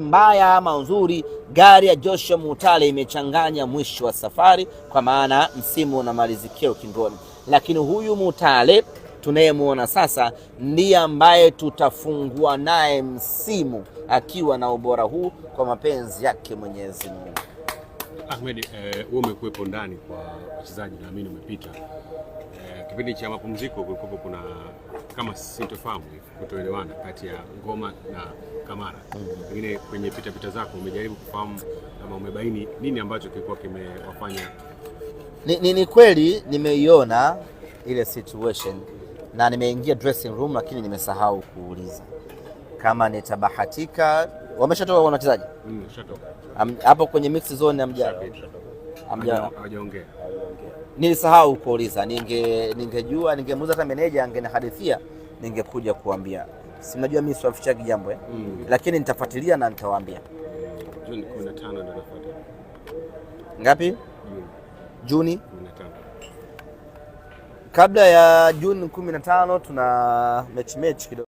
mbaya ama nzuri, gari ya Joshua Mutale imechanganya mwisho wa safari, kwa maana msimu unamalizikia ukingoni. Lakini huyu Mutale tunayemwona sasa ndiye ambaye tutafungua naye msimu akiwa na ubora huu kwa mapenzi yake Mwenyezi Mungu. Ahmed, eh, wewe eh, umekuwepo ndani kwa wachezaji, naamini umepita kipindi cha mapumziko kulikuwa kuna kama sintofahamu kutoelewana kati ya Ngoma na Kamara. Pengine mm -hmm. kwenye pita pita zako umejaribu kufahamu kama umebaini nini ambacho kilikuwa kimewafanya. Ni, ni, ni kweli nimeiona ile situation na nimeingia dressing room, lakini nimesahau kuuliza kama nitabahatika. Wameshatoka wanachezaji mm, hapo mm, kwenye mix zone, hamjaongea nilisahau kuuliza, ninge ningejua ningemuuliza hata meneja angenihadithia, ningekuja kuambia. Si mnajua mimi siwafichagi jambo eh? Mm. Lakini nitafuatilia na nitawaambia. Juni 15 ndio nafuata. Ngapi? Mm. Juni 15. Kabla ya Juni 15 tuna mechi mechi kidogo.